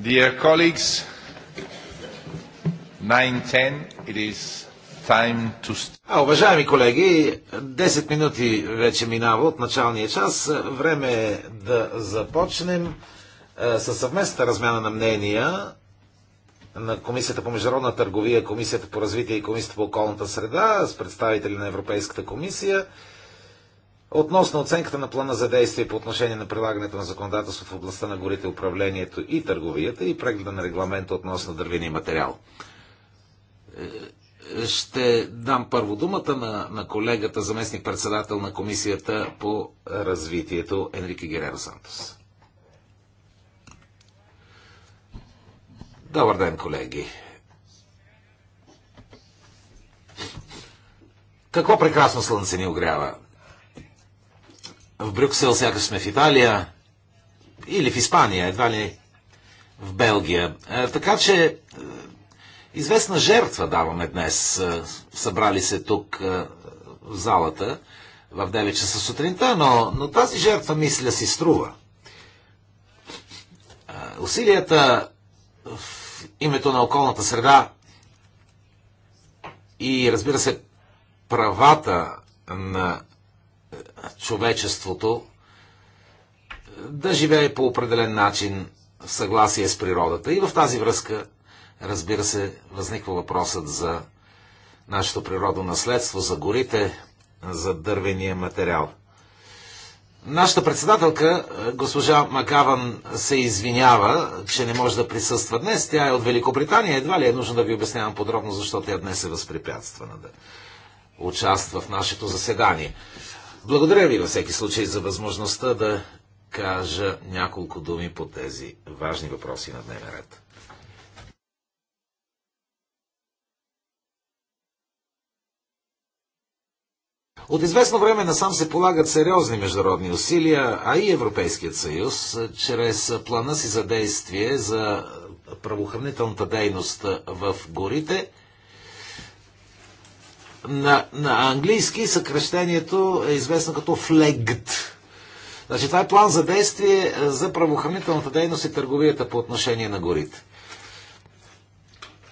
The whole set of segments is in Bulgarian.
Dear colleagues, 9.10, it is time to start. Уважаеми колеги, 10 минути вече минава от началния час. Време е да започнем със съвместната размяна на мнения на Комисията по международна търговия, Комисията по развитие и Комисията по околната среда с представители на Европейската комисия – относно оценката на плана за действие по отношение на прилагането на законодателство в областта на горите, управлението и търговията и прегледа на регламента относно и материал. Е, ще дам първо думата на, на колегата, заместник председател на Комисията по развитието Енрике Гереро Сантос. Добър ден, колеги! Какво прекрасно слънце ни огрява! в Брюксел, сякаш сме в Италия или в Испания, едва ли в Белгия. Е, така че е, известна жертва даваме днес. Е, събрали се тук в залата в 9 часа сутринта, но, но тази жертва, мисля, си струва. Усилията в името на околната среда и, разбира се, правата на човечеството е, да живее по определен начин в съгласие с природата. И в тази връзка, разбира се, възниква въпросът за нашето природно наследство, за горите, за дървения материал. Нашата председателка, е, госпожа Макаван, се извинява, че не може да присъства днес. Тя е от Великобритания. Едва ли е нужно да ви обяснявам подробно, защо тя днес е възпрепятствана да участва в нашето заседание. Благодаря ви във всеки случай за възможността да кажа няколко думи по тези важни въпроси на дневен ред. От известно време насам се полагат сериозни международни усилия, а и Европейският съюз, чрез плана си за действие за правоохранителната дейност в горите, на, на английски съкрещението е известно като флегт. Значи това е план за действие е, за правоохранителната дейност и търговията по отношение на горите.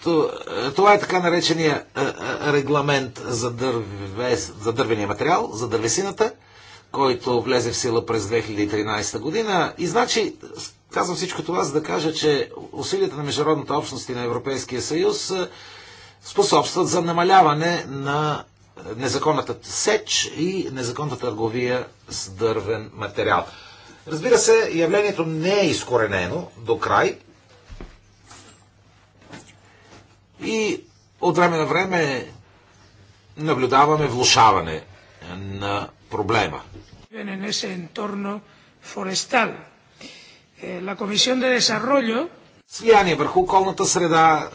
Е, това е така наречения е, регламент за, дърве, за дървения материал, за дървесината, който влезе в сила през 2013 година. И значи, казвам всичко това, за да кажа, че усилията на международната общност и на Европейския съюз способстват за намаляване на незаконната сеч и незаконната търговия с дървен материал. Разбира се, явлението не е изкоренено до край и от време на време наблюдаваме влушаване на проблема. Eh, Слияние върху околната среда, е,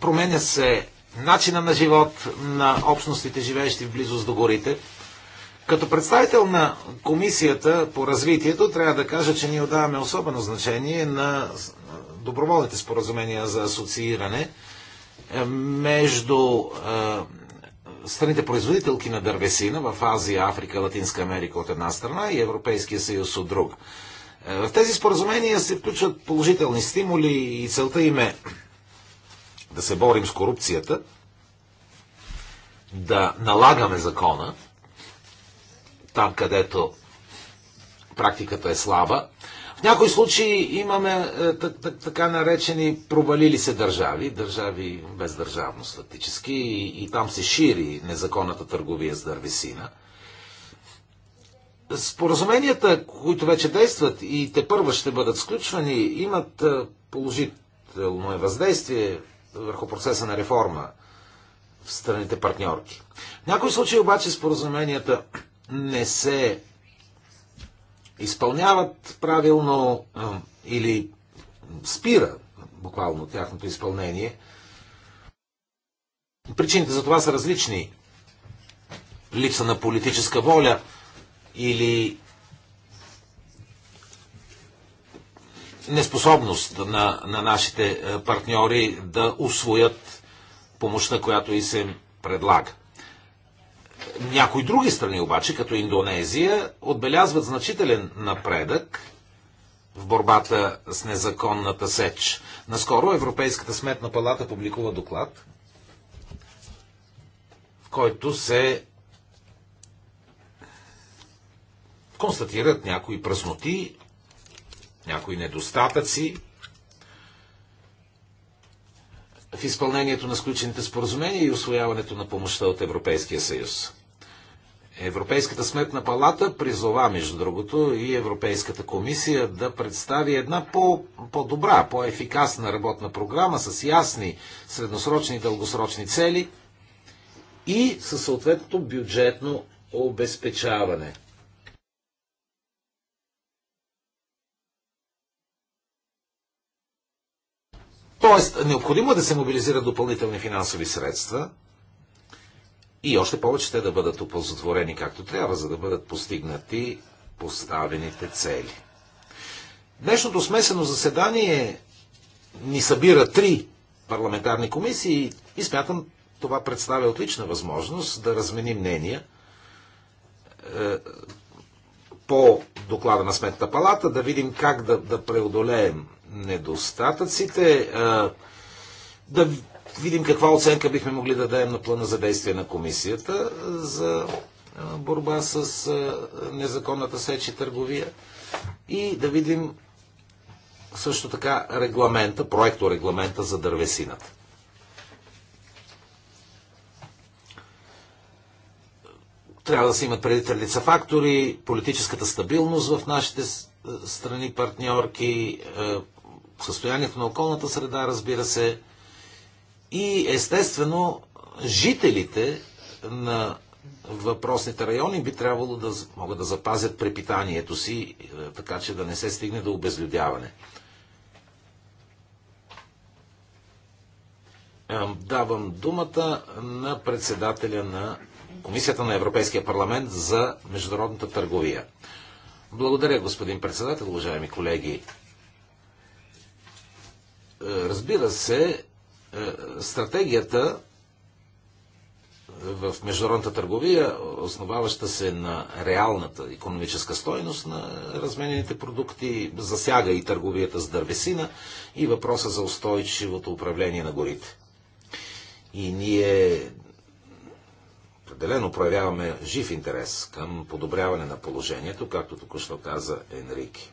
променя се начина на живот на общностите, живеещи в близост до горите. Като представител на Комисията по развитието, трябва да кажа, че ние отдаваме особено значение на доброволните споразумения за асоцииране е, между е, страните производителки на дървесина в Азия, Африка, Латинска Америка от една страна и Европейския съюз от друга. Е, в тези споразумения се включват положителни стимули и целта им е да се борим с корупцията, да налагаме закона там, където практиката е слаба. В някои случаи имаме е, така наречени провалили се държави, държави без държавност фактически, и, там се шири незаконната търговия с дървесина. Споразуменията, които вече действат и те първа ще бъдат сключвани, имат е, положително е въздействие върху процеса на реформа в страните партньорки. В някои случаи обаче споразуменията не се изпълняват правилно или спира буквално тяхното изпълнение. Причините за това са различни. Липса на политическа воля или неспособност на, на нашите е, партньори да освоят помощта, която и се предлага. Някои други страни обаче, като Индонезия, отбелязват значителен напредък в борбата с незаконната сеч. Наскоро Европейската сметна палата публикува доклад, в който се констатират някои празноти някои недостатъци в изпълнението на сключените споразумения и освояването на помощта от Европейския съюз. Европейската сметна палата призова, между другото, и Европейската комисия да представи една по, по-добра, по-ефикасна работна програма с ясни средносрочни и дългосрочни цели и със съответното бюджетно обезпечаване. Тоест, необходимо е да се мобилизират допълнителни финансови средства и още повече те да бъдат оползотворени както трябва, за да бъдат постигнати поставените цели. Днешното смесено заседание ни събира три парламентарни комисии и смятам това представя отлична възможност да размени мнения е, по доклада на Сметната палата, да видим как да, да преодолеем недостатъците, да видим каква оценка бихме могли да дадем на плана за действие на комисията за борба с незаконната сеч и търговия и да видим също така регламента, проекто регламента за дървесината. Трябва да се имат преди лица фактори, политическата стабилност в нашите е, страни партньорки, е, състоянието на околната среда, разбира се, и естествено жителите на въпросните райони би трябвало да могат да запазят препитанието си, е, така че да не се стигне до обезлюдяване. Давам думата на председателя на Комисията на Европейския парламент за международната търговия. Благодаря, господин председател, уважаеми колеги. Е, разбира се, е, стратегията в международната търговия, основаваща се на реалната економическа стойност на разменените продукти, засяга и търговията с дървесина и въпроса за устойчивото управление на горите. И ние Определено проявяваме жив интерес към подобряване на положението, както току-що каза Енрики.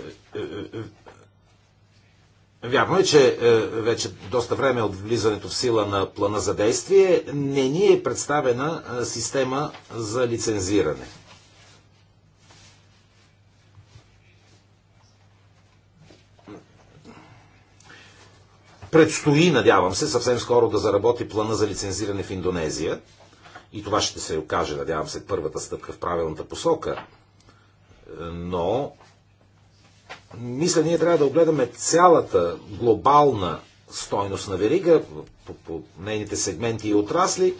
Е, е, е, вярно е, че вече доста време от влизането в сила на плана за действие не ни е представена система за лицензиране. Предстои, надявам се, съвсем скоро да заработи плана за лицензиране в Индонезия. И това ще се окаже, надявам се, първата стъпка в правилната посока. Е, но, мисля, ние трябва да огледаме цялата глобална стойност на верига по, по нейните сегменти и отрасли,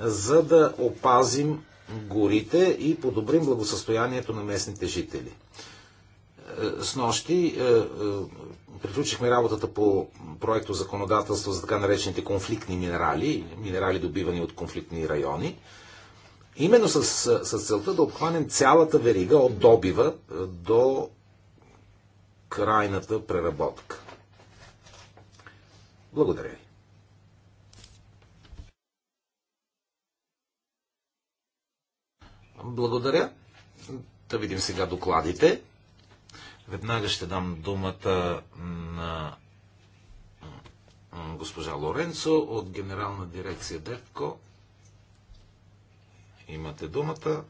за да опазим горите и подобрим благосъстоянието на местните жители. Е, с нощи е, приключихме работата по проекто законодателство за така наречените конфликтни минерали, минерали добивани от конфликтни райони, именно с, с целта да обхванем цялата верига от добива е, до крайната преработка. Благодаря ви. Благодаря. Да видим сега докладите. Веднага ще дам думата на госпожа Лоренцо от Генерална дирекция ДЕВКО. Имате думата.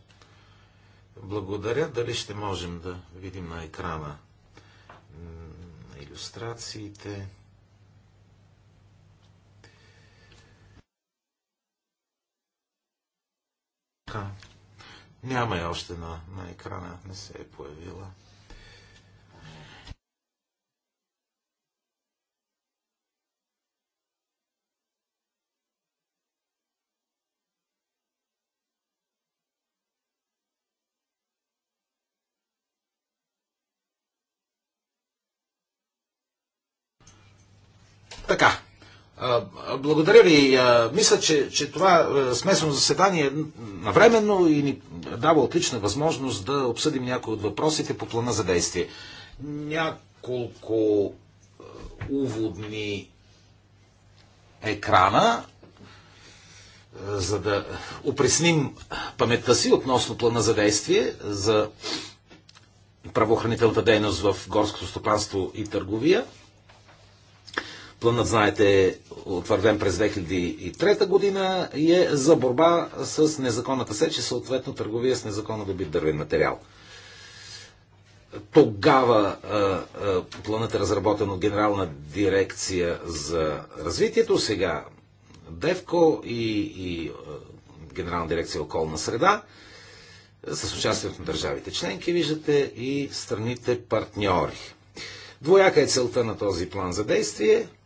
Благодаря. Дали ще можем да видим на екрана иллюстрациите? Няма я още на, на екрана. Не се е появила. Така. Благодаря ви. Мисля, че, че това смесено заседание навременно и ни дава отлична възможност да обсъдим някои от въпросите по плана за действие. Няколко уводни екрана, за да опресним паметта си относно плана за действие за правоохранителната дейност в горското стопанство и търговия. Планът, знаете, е утвърден през 2003 година и е за борба с незаконната сеч и съответно търговия с незаконно добит дървен материал. Тогава а, а, планът е разработен от Генерална дирекция за развитието, сега ДЕВКО и, и а, Генерална дирекция околна среда с участието на държавите членки, виждате, и страните партньори. Двояка е целта на този план за действие –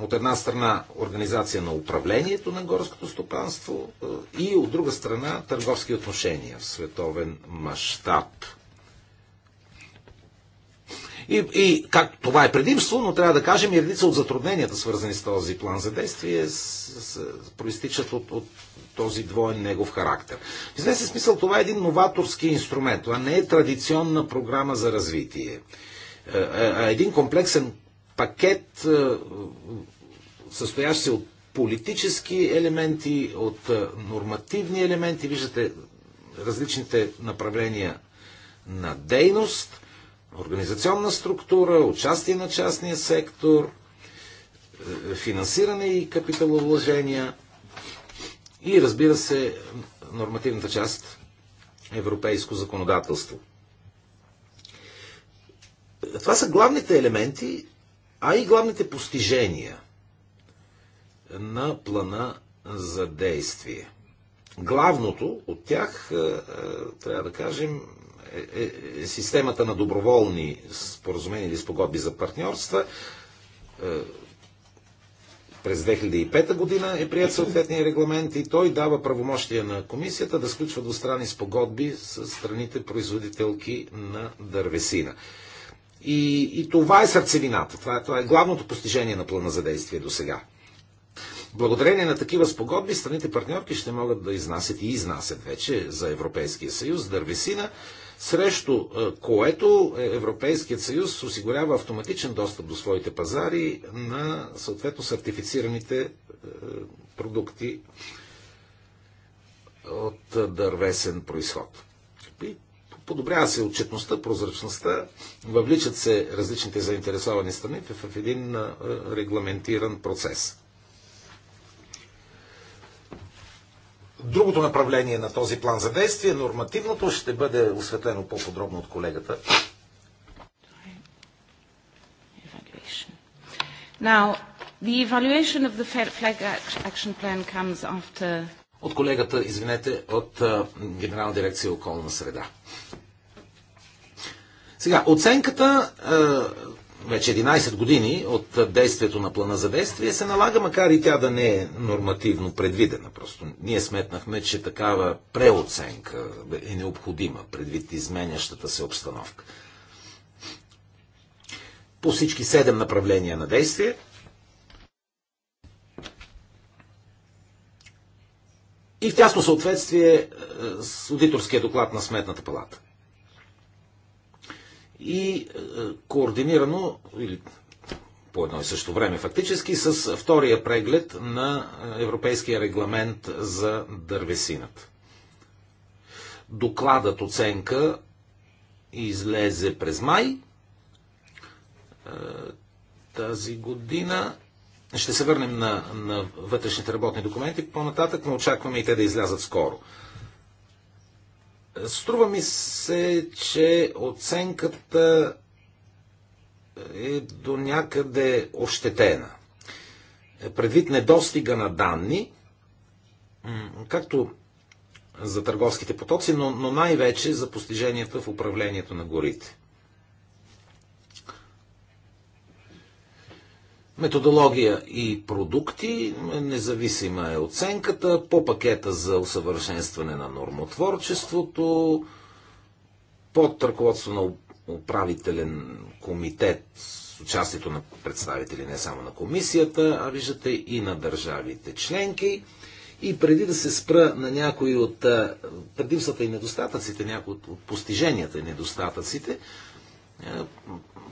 от една страна организация на управлението на горското стопанство е, и от друга страна търговски отношения в световен мащаб. И, и как, това е предимство, но трябва да кажем и редица от затрудненията, свързани с този план за действие, с, с, проистичат от, от този двоен негов характер. В известен смисъл това е един новаторски инструмент. Това не е традиционна програма за развитие. Е, е, един комплексен пакет, състоящ се от политически елементи, от нормативни елементи. Виждате различните направления на дейност, организационна структура, участие на частния сектор, финансиране и капиталовложения и разбира се нормативната част европейско законодателство. Това са главните елементи а и главните постижения на плана за действие. Главното от тях, е, е, трябва да кажем, е, е, системата на доброволни споразумения или спогодби за партньорства. През 2005 година е прият съответния регламент и той дава правомощия на комисията да сключва двустранни спогодби с страните производителки на дървесина. И, и това е сърцевината, това е, това е главното постижение на плана за действие до сега. Благодарение на такива спогодби, страните партньорки ще могат да изнасят и изнасят вече за Европейския съюз дървесина, срещу е, което е, Европейският съюз осигурява автоматичен достъп до своите пазари на съответно сертифицираните е, продукти от дървесен происход. Подобрява се отчетността, прозрачността, въвличат се различните заинтересовани страни в един регламентиран процес. Другото направление на този план за действие, нормативното, ще бъде осветлено по-подробно от колегата. Now, the evaluation of the Flag Action Plan comes after от колегата, извинете, от Генерална дирекция околна среда. Сега, оценката вече 11 години от действието на плана за действие се налага, макар и тя да не е нормативно предвидена. Просто ние сметнахме, че такава преоценка е необходима предвид изменящата се обстановка. По всички 7 направления на действие – и в тясно съответствие е, с аудиторския доклад на Сметната палата. И е, координирано, или по едно и също време фактически, с втория преглед на Европейския регламент за дървесината. Докладът оценка излезе през май е, тази година ще се върнем на, на вътрешните работни документи по-нататък, но очакваме и те да излязат скоро. Струва ми се, че оценката е до някъде ощетена. Предвид недостига на данни, както за търговските потоци, но, но най-вече за постиженията в управлението на горите. Методология и продукти, независима е оценката, по пакета за усъвършенстване на нормотворчеството, под ръководство на управителен комитет с участието на представители не само на комисията, а виждате и на държавите членки. И преди да се спра на някои от предимствата и недостатъците, някои от постиженията и недостатъците,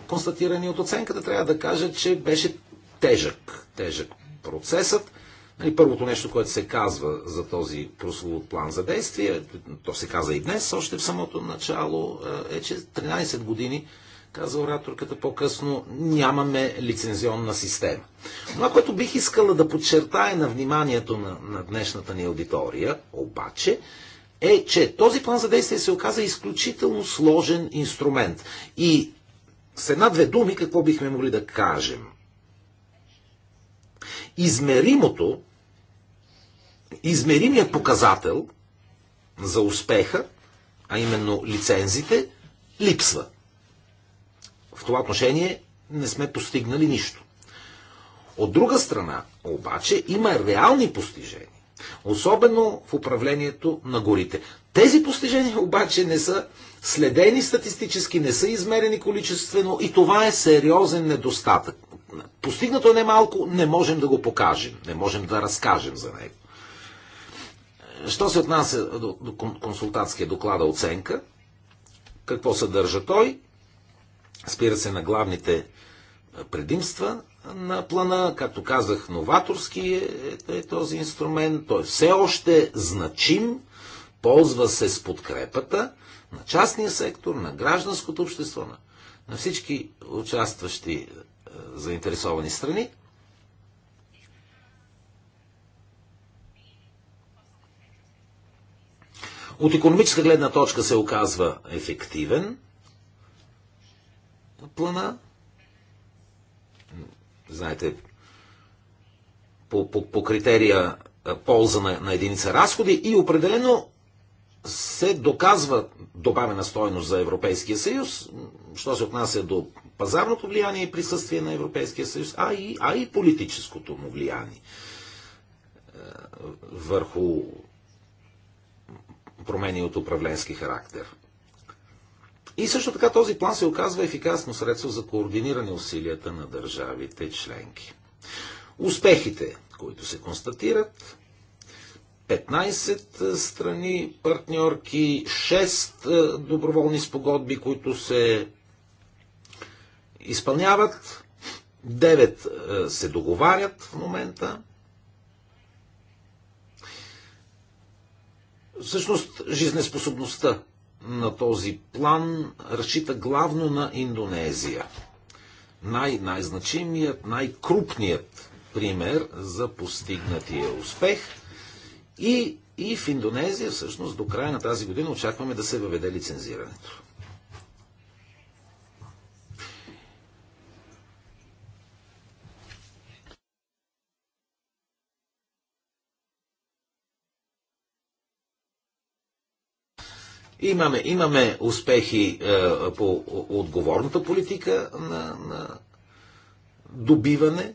констатирани от оценката, трябва да кажа, че беше тежък, тежък процесът. Нали, първото нещо, което се казва за този прословут план за действие, то се каза и днес, още в самото начало, е, е че 13 години, каза ораторката по-късно, нямаме лицензионна система. Това, което бих искала да подчертая на вниманието на, на днешната ни аудитория, обаче, е, че този план за действие се оказа изключително сложен инструмент. И с една-две думи какво бихме могли да кажем Измеримото, измеримият показател за успеха, а именно лицензите, липсва. В това отношение не сме постигнали нищо. От друга страна, обаче, има реални постижения, особено в управлението на горите. Тези постижения обаче не са следени статистически, не са измерени количествено и това е сериозен недостатък. Постигнато е немалко, не можем да го покажем, не можем да разкажем за него. Що се отнася до, до консултантския доклада оценка, какво съдържа той? Спира се на главните е, предимства на плана. Както казах, новаторски е, е, е този инструмент. Той е все още значим, ползва се с подкрепата на частния сектор, на гражданското общество, на, на всички участващи е, заинтересовани страни. От економическа гледна точка се оказва ефективен плана. Знаете, по, по, по критерия полза на, на единица разходи и определено се доказва добавена стойност за Европейския съюз, що се отнася до пазарното влияние и присъствие на Европейския съюз, а и, а и политическото му влияние е, върху промени от управленски характер. И също така този план се оказва ефикасно средство за координиране усилията на държавите членки. Успехите, които се констатират, 15 е, страни партньорки, 6 е, доброволни спогодби, които се изпълняват, 9 е, се договарят в момента. Всъщност, жизнеспособността на този план разчита главно на Индонезия. Най- най-значимият, най-крупният пример за постигнатия успех. И, и в Индонезия, всъщност, до края на тази година очакваме да се въведе лицензирането. Имаме, имаме успехи е, по отговорната политика на, на добиване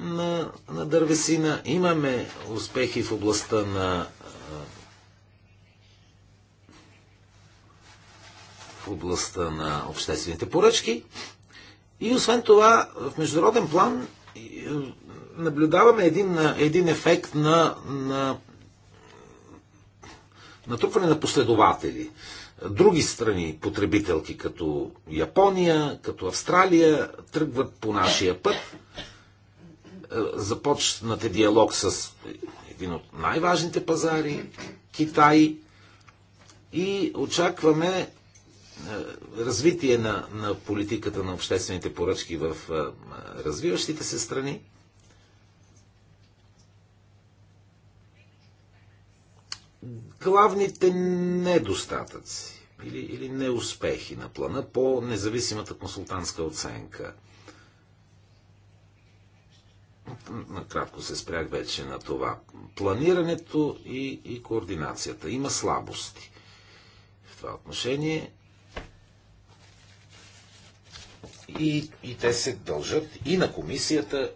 на, на дървесина. Имаме успехи в областта на е, в областта на обществените поръчки. И освен това, в международен план е, наблюдаваме един, е, един ефект на, на натрупване на последователи. Други страни, потребителки като Япония, като Австралия, тръгват по нашия път. Е, започнате диалог с един от най-важните пазари Китай и очакваме е, развитие на, на политиката на обществените поръчки в е, развиващите се страни главните недостатъци или, или неуспехи на плана по независимата консултантска оценка? Накратко се спрях вече на това. Планирането и, и координацията. Има слабости. В това отношение и, и те се дължат и на комисията,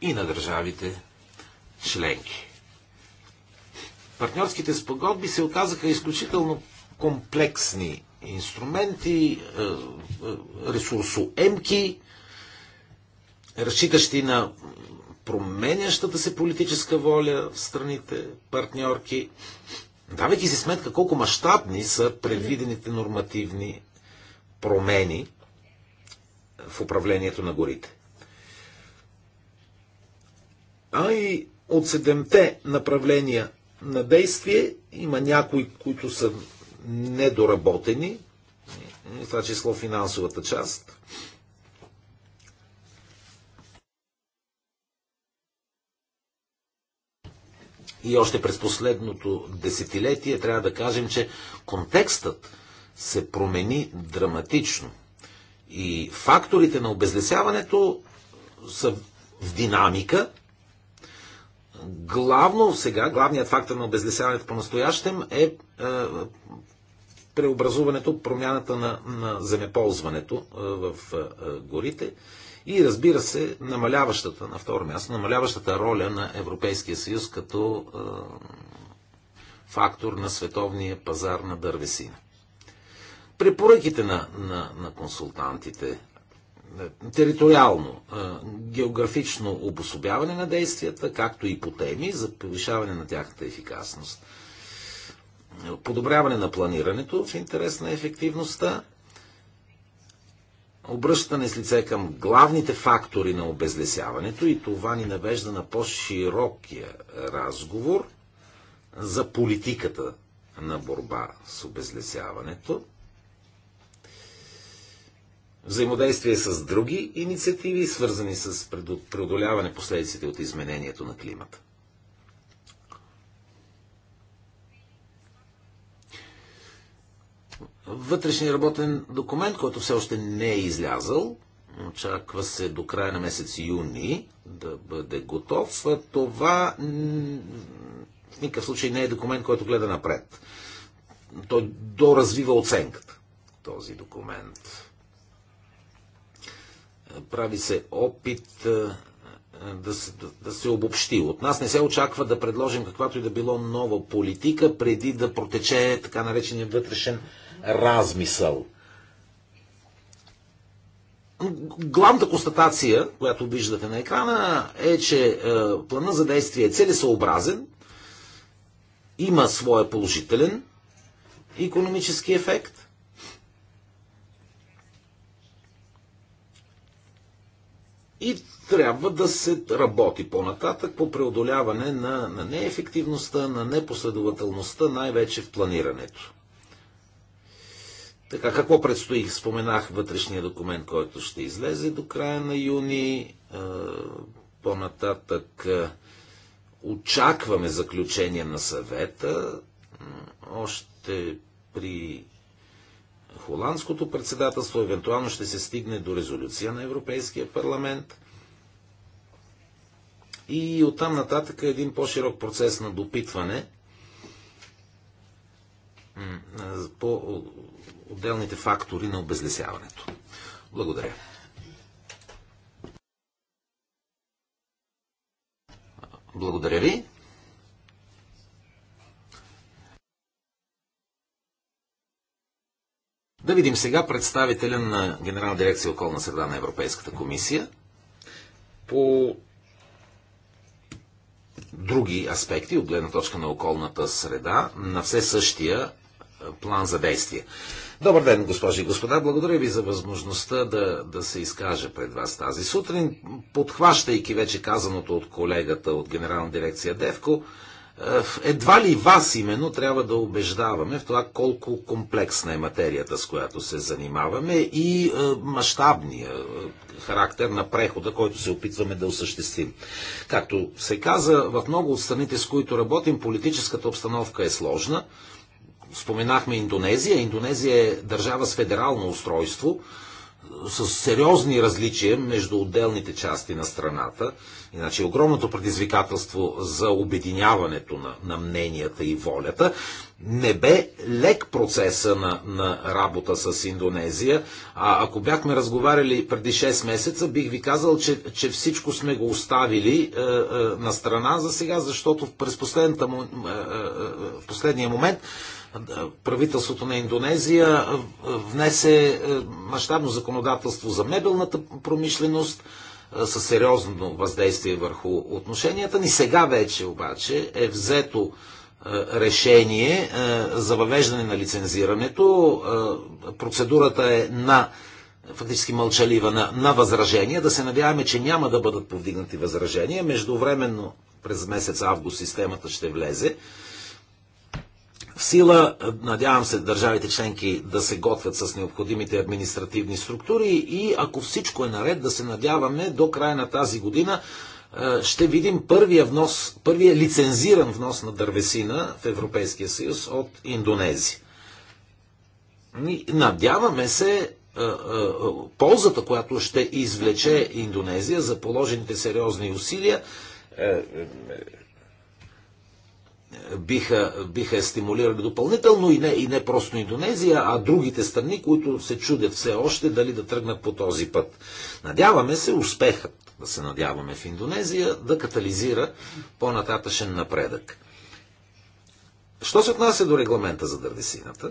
и на държавите членки партньорските спогодби се оказаха изключително комплексни инструменти, е, е, ресурсоемки, разчитащи на променящата се политическа воля в страните, партньорки, давайки си сметка колко мащабни са предвидените нормативни промени в управлението на горите. А и от седемте направления на действие. Има някои, които са недоработени, в това число финансовата част. И още през последното десетилетие трябва да кажем, че контекстът се промени драматично. И факторите на обезлесяването са в динамика, главно сега, главният фактор на обезлесяването по-настоящем е, е преобразуването, промяната на, на земеползването е, в е, горите и разбира се, намаляващата, на второ място, намаляващата роля на Европейския съюз като фактор на световния пазар на дървесина. Препоръките на, на, на консултантите е, териториално, е, географично обособяване на действията, както и по теми за повишаване на тяхната ефикасност. Подобряване на планирането в интерес на ефективността, обръщане с лице към главните фактори на обезлесяването и това ни навежда на по-широкия разговор за политиката на борба с обезлесяването – взаимодействие с други инициативи, свързани с преодоляване последиците от изменението на климата. Вътрешния работен документ, който все още не е излязъл, очаква се до края на месец юни да бъде готов. Това в никакъв случай не е документ, който гледа напред. Той доразвива оценката, този документ прави се опит да се, да се обобщи. От нас не се очаква да предложим каквато и да било нова политика, преди да протече така наречения вътрешен размисъл. Главната констатация, която виждате на екрана, е, че плана за действие е целесообразен, има своя положителен економически ефект, И трябва да се работи по-нататък по преодоляване на, на неефективността, на непоследователността, най-вече в планирането. Така, какво предстои? Споменах вътрешния документ, който ще излезе до края на юни. Е, по-нататък е, очакваме заключение на съвета. Още при холандското председателство евентуално ще се стигне до резолюция на Европейския парламент и оттам нататък е един по-широк процес на допитване по отделните фактори на обезлесяването. Благодаря. Благодаря ви. видим сега представителя на Генерална дирекция околна среда на Европейската комисия по други аспекти от гледна точка на околната среда на все същия план за действие. Добър ден, госпожи и господа. Благодаря ви за възможността да, да се изкажа пред вас тази сутрин. Подхващайки вече казаното от колегата от Генерална дирекция Девко, е, едва ли вас именно трябва да убеждаваме в това колко комплексна е материята, с която се занимаваме и е, мащабния е, характер на прехода, който се опитваме да осъществим. Както се каза, в много от страните, с които работим, политическата обстановка е сложна. Споменахме Индонезия. Индонезия е държава с федерално устройство, с сериозни различия между отделните части на страната. Иначе огромното предизвикателство за обединяването на, на мненията и волята не бе лек процеса на, на работа с Индонезия. А ако бяхме разговаряли преди 6 месеца, бих ви казал, че, че всичко сме го оставили е, е, на страна за сега, защото през последната, е, е, е, в последния момент правителството на Индонезия внесе мащабно законодателство за мебелната промишленост със сериозно въздействие върху отношенията ни. Сега вече обаче е взето решение за въвеждане на лицензирането. Процедурата е на фактически мълчалива на, на възражения. Да се надяваме, че няма да бъдат повдигнати възражения. Междувременно през месец август системата ще влезе в сила. Надявам се държавите членки да се готвят с необходимите административни структури и ако всичко е наред, да се надяваме до края на тази година ще видим първия внос, първия лицензиран внос на дървесина в Европейския съюз от Индонезия. Надяваме се ползата, която ще извлече Индонезия за положените сериозни усилия е, е, биха, биха стимулирали допълнително и не, и не просто Индонезия, а другите страни, които се чудят все още дали да тръгнат по този път. Надяваме се успехът, да се надяваме в Индонезия, да катализира по-нататъчен напредък. Що се отнася до регламента за дървесината?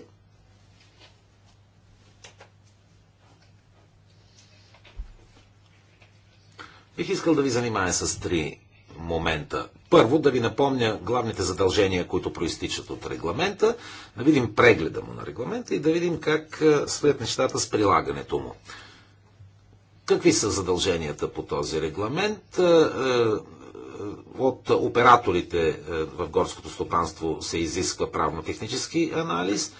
Бих искал да ви занимая с три момента. Първо да ви напомня главните задължения, които проистичат от регламента, да видим прегледа му на регламента и да видим как е, стоят нещата с прилагането му. Какви са задълженията по този регламент? Е, е, от операторите в горското стопанство се изисква правно-технически анализ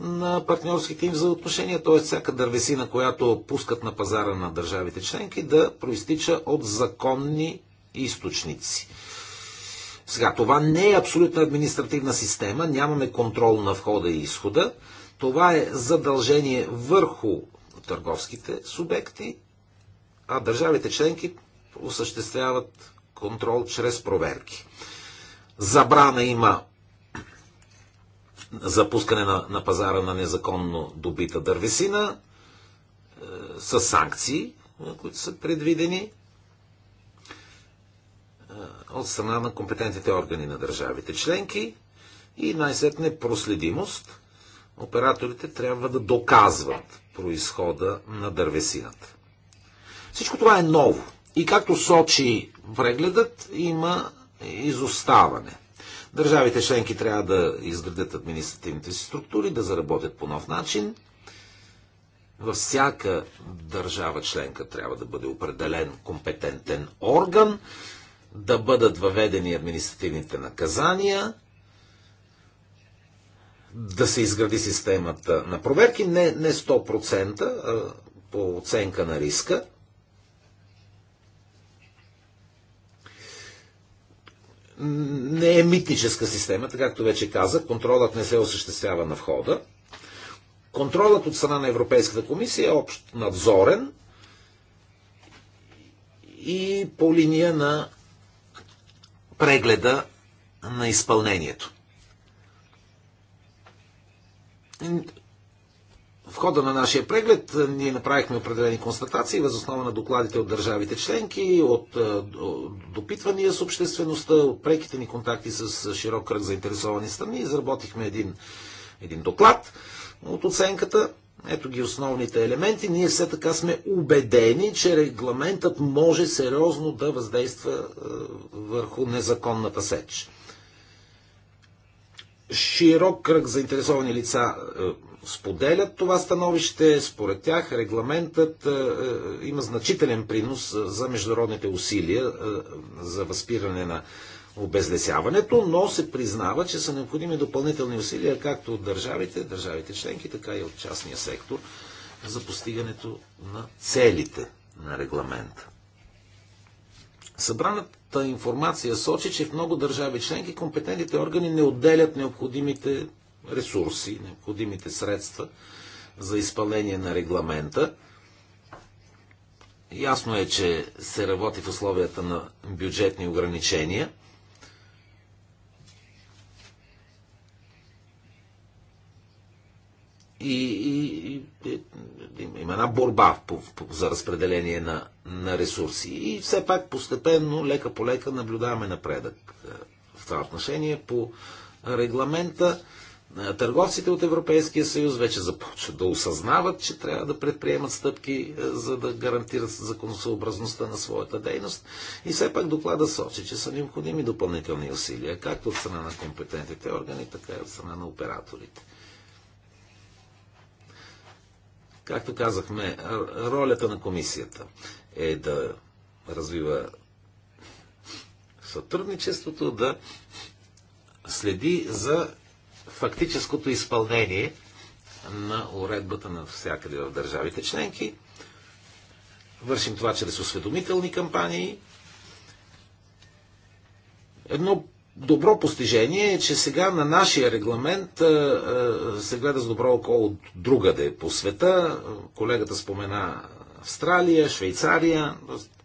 на партньорските им взаимоотношения, т.е. всяка дървесина, която пускат на пазара на държавите членки, да проистича от законни източници. Сега, това не е абсолютна административна система, нямаме контрол на входа и изхода. Това е задължение върху търговските субекти, а държавите членки осъществяват контрол чрез проверки. Забрана има запускане на, на пазара на незаконно добита дървесина е, с санкции, които са предвидени от страна на компетентните органи на държавите членки и най-сетне проследимост. Операторите трябва да доказват происхода на дървесината. Всичко това е ново. И както сочи прегледът, има изоставане. Държавите членки трябва да изградят административните си структури, да заработят по нов начин. Във всяка държава членка трябва да бъде определен компетентен орган, да бъдат въведени административните наказания, да се изгради системата на проверки, не, не 100% а по оценка на риска. Не е митническа системата, както вече казах, контролът не се осъществява на входа. Контролът от страна на Европейската комисия е общ надзорен и по линия на прегледа на изпълнението. В хода на нашия преглед ние направихме определени констатации въз основа на докладите от държавите членки, от допитвания с обществеността, от преките ни контакти с широк кръг заинтересовани страни. Изработихме един, един доклад от оценката ето ги основните елементи. Ние все така сме убедени, че регламентът може сериозно да въздейства е, върху незаконната сеч. Широк кръг заинтересовани лица е, споделят това становище. Според тях регламентът е, има значителен принос за международните усилия за възпиране на обезлесяването, но се признава, че са необходими допълнителни усилия както от държавите, държавите членки, така и от частния сектор за постигането на целите на регламента. Събраната информация сочи, че в много държави членки компетентните органи не отделят необходимите ресурси, необходимите средства за изпълнение на регламента. Ясно е, че се работи в условията на бюджетни ограничения – И, и, и има една борба за разпределение на, на ресурси. И все пак постепенно, лека по лека, наблюдаваме напредък е, в това отношение по регламента. Е, търговците от Европейския съюз вече започват да осъзнават, че трябва да предприемат стъпки, е, за да гарантират законосъобразността на своята дейност. И все пак доклада сочи, че са необходими допълнителни усилия, както от страна на компетентните органи, така и от страна на операторите. Както казахме, ролята на комисията е да развива сътрудничеството, да следи за фактическото изпълнение на уредбата на всякъде в държавите членки. Вършим това чрез осведомителни кампании. Едно добро постижение е, че сега на нашия регламент се гледа с добро око от другаде по света. Колегата спомена Австралия, Швейцария.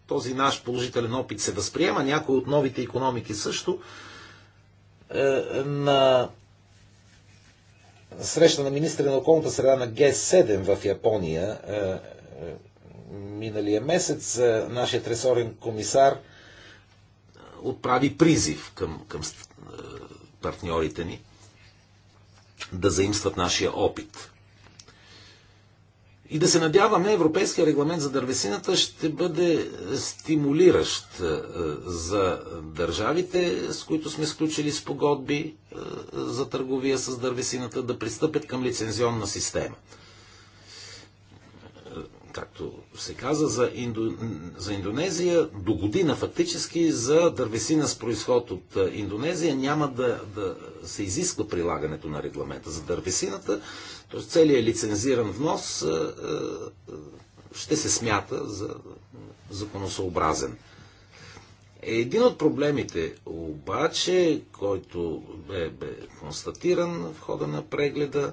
Този наш положителен опит се възприема. Някои от новите економики също. Е, на среща на министра на околната среда на Г7 в Япония е, е, миналия месец нашия тресорен комисар – отправи призив към, към е, партньорите ни да заимстват нашия опит. И да се надяваме, Европейския регламент за дървесината ще бъде е, стимулиращ е, за държавите, с които сме сключили спогодби за търговия с дървесината, да пристъпят към лицензионна система – както се каза, за, Индо... за Индонезия до година фактически за дървесина с происход от Индонезия няма да, да се изисква прилагането на регламента за дървесината, т.е. целият е лицензиран внос ще се смята за законосъобразен. Един от проблемите обаче, който бе, бе констатиран в хода на прегледа,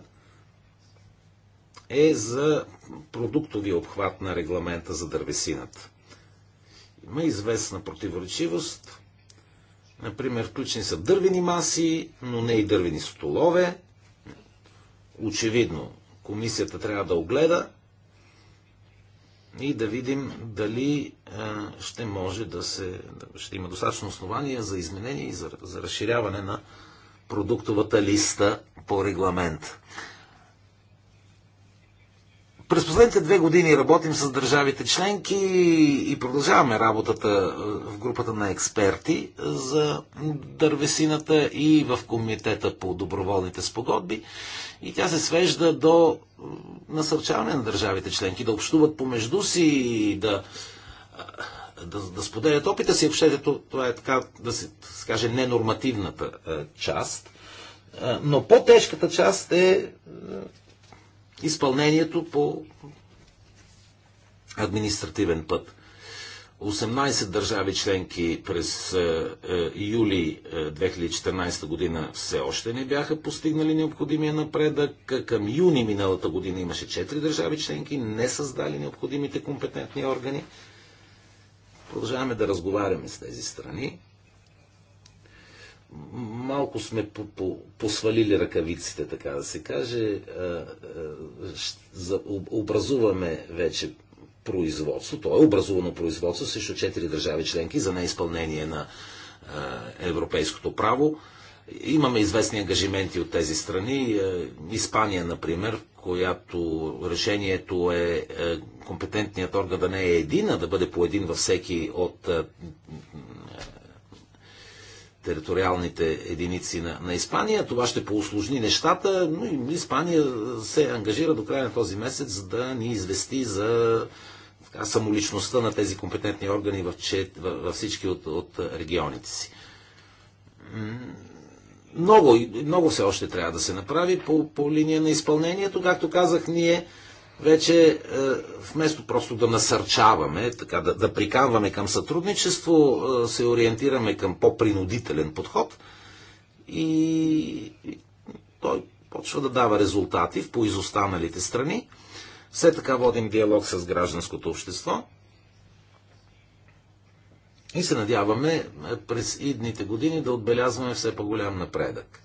е за продуктови обхват на регламента за дървесината. Има известна противоречивост. Например, включени са дървени маси, но не и дървени столове. Очевидно, комисията трябва да огледа и да видим дали ще може да се. ще има достатъчно основания за изменение и за, за разширяване на продуктовата листа по регламент. През последните две години работим с държавите членки и продължаваме работата в групата на експерти за дървесината и в комитета по доброволните спогодби. И тя се свежда до насърчаване на държавите членки да общуват помежду си и да, да, да споделят опита си. Въобще, това е така, да се каже, ненормативната част. Но по-тежката част е изпълнението по административен път. 18 държави членки през е, е, юли 2014 е, година все още не бяха постигнали необходимия напредък. Към юни миналата година имаше 4 държави членки, не създали необходимите компетентни органи. Продължаваме да разговаряме с тези страни малко сме по -по посвалили ръкавиците, така да се каже. Е, е, образуваме вече производство, то е образувано производство срещу четири държави членки за неизпълнение на е, европейското право. Имаме известни ангажименти от тези страни. Испания, например, която решението е компетентният орган да не е един, а да бъде по един във всеки от териториалните единици на, на Испания. Това ще поусложни нещата, но и Испания се ангажира до края на този месец да ни извести за така, самоличността на тези компетентни органи чет, във, във всички от, от регионите си. Много, много все още трябва да се направи по, по линия на изпълнението. Както казах, ние вече е, вместо просто да насърчаваме, така, да, да приканваме към сътрудничество, е, се ориентираме към по-принудителен подход и той почва да дава резултати в поизостаналите страни. Все така водим диалог с гражданското общество и се надяваме е, през идните години да отбелязваме все по-голям напредък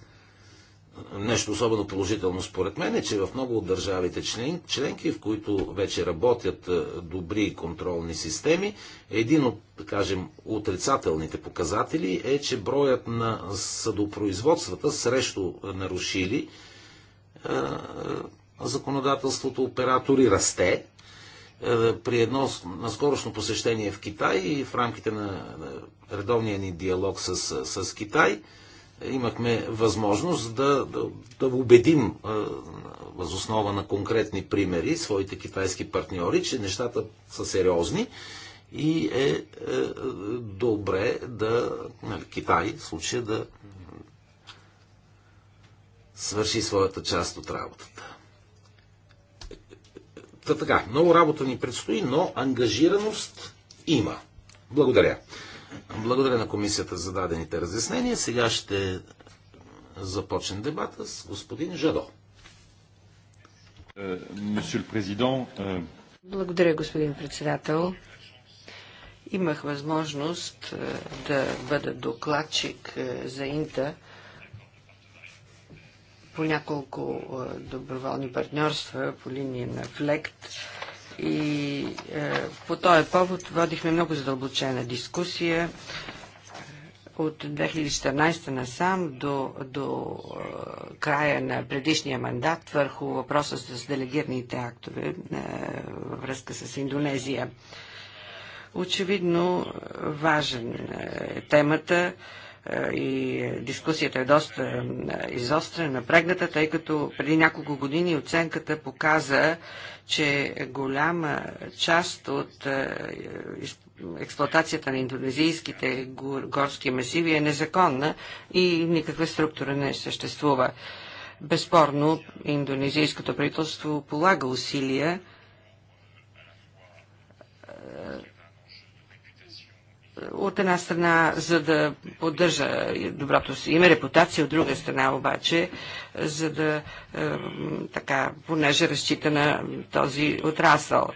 нещо особено положително според мен е, че в много от държавите член, членки, в които вече работят е, добри контролни системи, един от, да кажем, отрицателните показатели е, че броят на съдопроизводствата срещу нарушили е, е законодателството оператори расте. Е, при едно наскорошно посещение в Китай и в рамките на редовния ни диалог с, с Китай, имахме възможност да, да, да убедим възоснова на конкретни примери своите китайски партньори, че нещата са сериозни и е, е добре да нали, Китай в случая да свърши своята част от работата. Та така, много работа ни предстои, но ангажираност има. Благодаря. Благодаря на комисията за дадените разяснения. Сега ще започнем дебата с господин Жадо. Euh, Благодаря, господин председател. Имах възможност е, да бъда докладчик е, за Инта по няколко е, доброволни партньорства по линия на ФЛЕКТ и е, по този повод водихме много задълбочена дискусия от 2014 насам до, до е, края на предишния мандат върху въпроса с делегираните актове е, във връзка с Индонезия. Очевидно важен е темата. Е, е, и дискусията е доста е, изострена, напрегната, тъй като преди няколко години оценката показа, че голяма част от е, експлуатацията на индонезийските горски масиви е незаконна и никаква структура не съществува. Безспорно, индонезийското правителство полага усилия от една страна, за да поддържа доброто си име, репутация, от друга страна обаче, за да, е, така, понеже разчита на този отрасъл.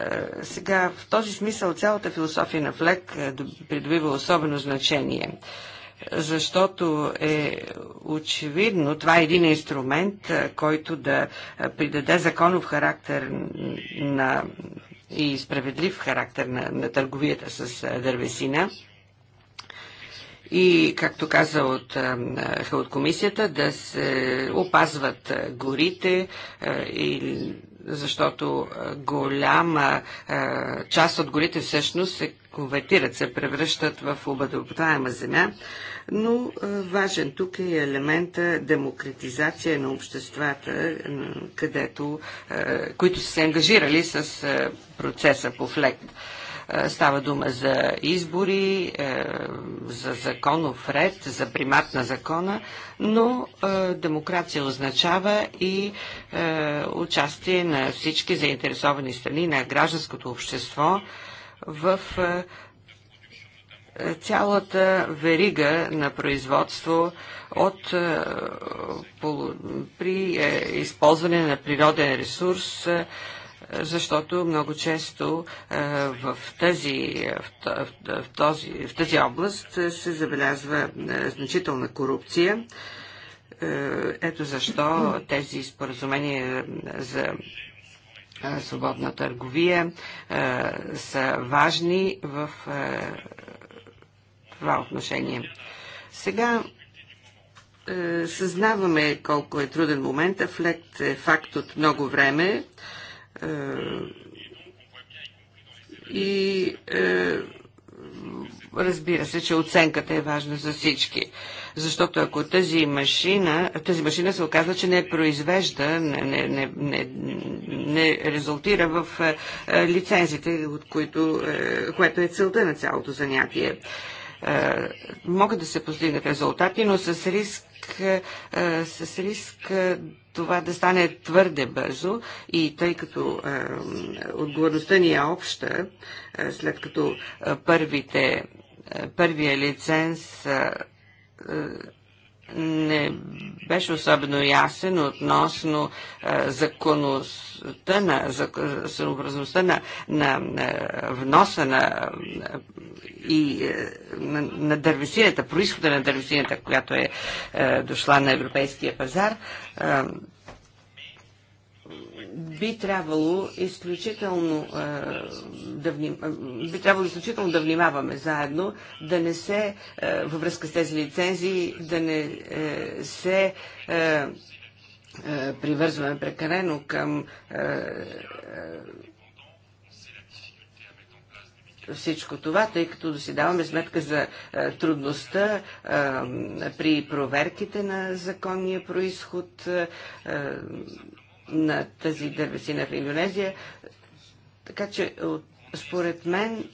Е, сега, в този смисъл, цялата философия на Флек е, придобива особено значение защото е очевидно, това е един инструмент, е, който да е, придаде законов характер на и справедлив характер на, на търговията с дървесина и, както каза от, от комисията, да се опазват горите и защото голяма част от горите всъщност се конвертират, се превръщат в обработаема земя, но важен тук е елемента демократизация на обществата, където, които са се ангажирали с процеса по флект. Става дума за избори, за законов ред, за примат на закона, но демокрация означава и участие на всички заинтересовани страни, на гражданското общество в цялата верига на производство от, е, при е, използване на природен ресурс, е, защото много често в тази, в, този, в тази област се забелязва значителна корупция. Ето защо тези споразумения за свободна търговия са важни в това отношение. Сега е, съзнаваме колко е труден момент, а флект е факт от много време. Е, и е, разбира се, че оценката е важна за всички. Защото ако тази машина, тази машина се оказва, че не е произвежда, не, не, не, не резултира в е, лицензите, от които, е, което е целта на цялото занятие. Е, могат да се постигнат резултати, но с риск, е, е, с риск това да стане твърде бързо и тъй като а, отговорността ни е обща, а, след като а, първите, а, първия лиценз а, не беше особено ясен относно е, законността на, законосъобразността на, на, на вноса на, на и на, на дървесината, происхода на дървесината, която е, е дошла на европейския пазар би трябвало изключително да, вним, би трябвало изключително да внимаваме заедно, да не се, във връзка с тези лицензии, да не е, се е, е, привързваме прекалено към всичко това, тъй като да си даваме сметка за трудността при проверките на законния происход, на тази дървесина в Индонезия. Така че, според мен,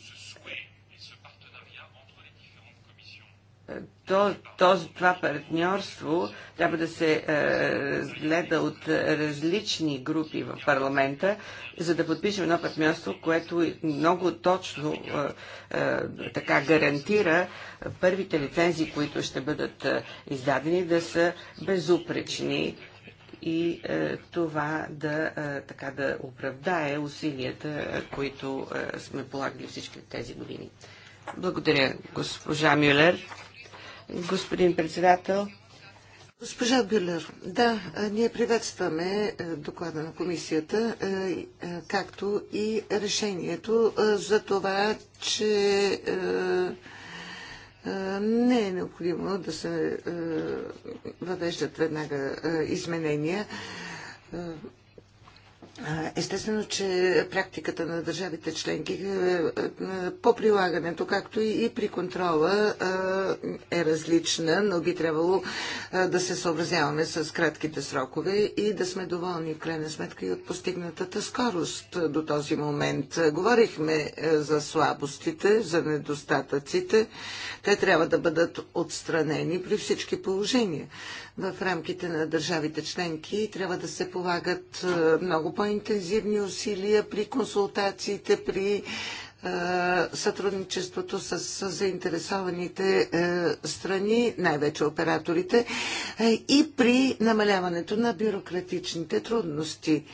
то, то, това партньорство трябва да се гледа разгледа от различни групи в парламента, за да подпишем едно партньорство, което много точно е, е, така гарантира първите лицензии, които ще бъдат е, издадени, да са безупречни и е, това да, е, така да оправдае усилията, които е, сме полагали всички тези години. Благодаря, госпожа Мюлер. Господин председател. Госпожа Бюлер, да, ние приветстваме е, доклада на комисията, е, е, както и решението за това, че е, не е необходимо да се е, въвеждат веднага е, изменения Естествено, че практиката на държавите членки е, е, по прилагането, както и при контрола, е, е различна, но би трябвало да се съобразяваме с кратките срокове и да сме доволни в крайна сметка и от постигнатата скорост до този момент. Говорихме за слабостите, за недостатъците. Те трябва да бъдат отстранени при всички положения в рамките на държавите членки трябва да се полагат е, много по-интензивни усилия при консултациите, при е, сътрудничеството с, заинтересованите е, страни, най-вече операторите, и при намаляването на бюрократичните трудности.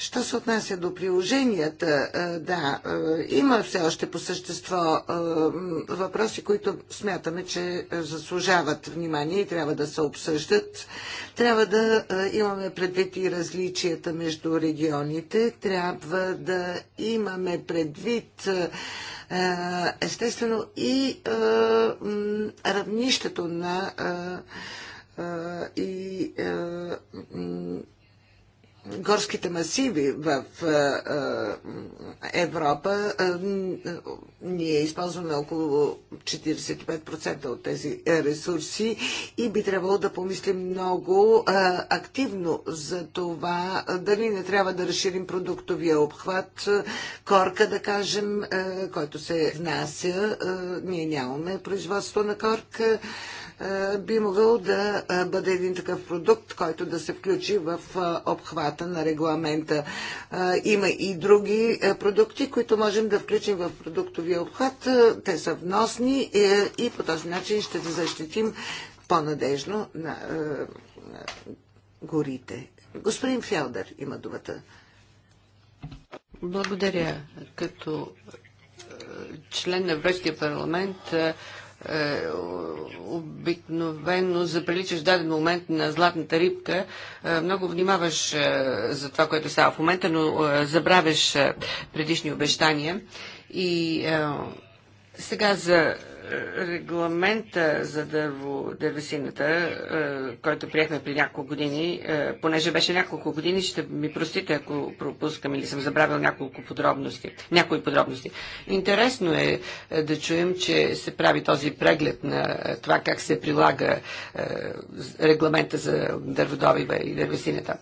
Що се отнася до приложенията, да, има все още по същество въпроси, които смятаме, че заслужават внимание и трябва да се обсъждат. Трябва да имаме предвид и различията между регионите. Трябва да имаме предвид естествено и равнището на и горските масиви в Европа, ние използваме около 45% от тези ресурси и би трябвало да помислим много активно за това дали не трябва да разширим продуктовия обхват, корка да кажем, който се внася. Ние нямаме производство на корка е, би могъл да е, бъде един такъв продукт, който да се включи в е, обхвата на регламента. Има и други продукти, които можем да включим в продуктовия обхват. Те са вносни и по този начин ще защитим по-надежно на горите. Господин Фелдер има думата. Благодаря. Като член на Европейския парламент е, обикновено заприличаш в даден момент на златната рибка, е, много внимаваш е, за това, което става в момента, но забравяш предишни обещания. И сега за регламента за дърво, дървесината, е, който приехме при няколко години, е, понеже беше няколко години, ще ми простите, ако пропускам или съм забравил няколко подробности, някои подробности. Интересно е, е да чуем, че се прави този преглед на това как се прилага регламента за дърводобива и дървесината.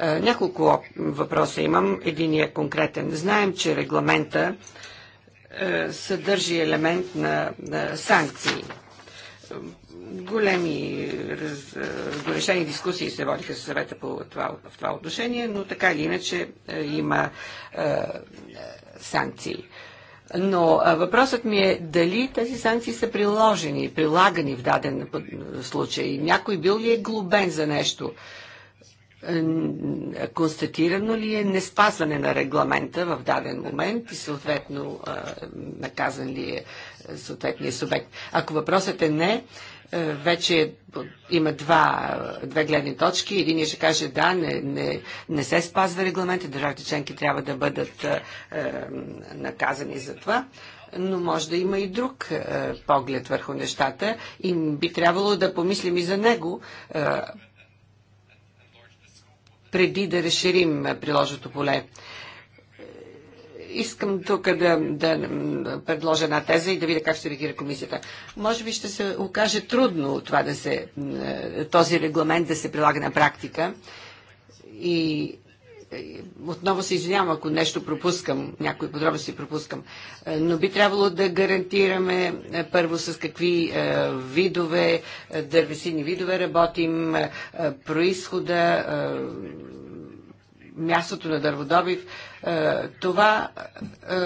Няколко въпроса имам. е конкретен. Знаем, че регламента е, съдържа елемент на, на санкции. Големи раз, горешени дискусии се водиха със съвета по това, в това отношение, но така или иначе е, има е, санкции. Но е, въпросът ми е дали тези санкции са приложени, прилагани в даден случай. Някой бил ли е глобен за нещо? Е, констатирано ли е неспазване на регламента в даден момент и съответно е, наказан ли е съответния субект. Ако въпросът е не, е, вече има два, две гледни точки. Единият ще каже да, не, не, не се спазва регламент и държавите членки трябва да бъдат е, наказани за това. Но може да има и друг е, поглед върху нещата и би трябвало да помислим и за него. Е, преди да разширим приложното поле. Искам тук да, да предложа една теза и да видя как ще реагира комисията. Може би ще се окаже трудно това да се, този регламент да се прилага на практика и отново се извинявам, ако нещо пропускам, някои подробности пропускам, е, но би трябвало да гарантираме е, първо с какви е, видове, дървесини видове работим, происхода, мястото на дърводобив. Е, това е,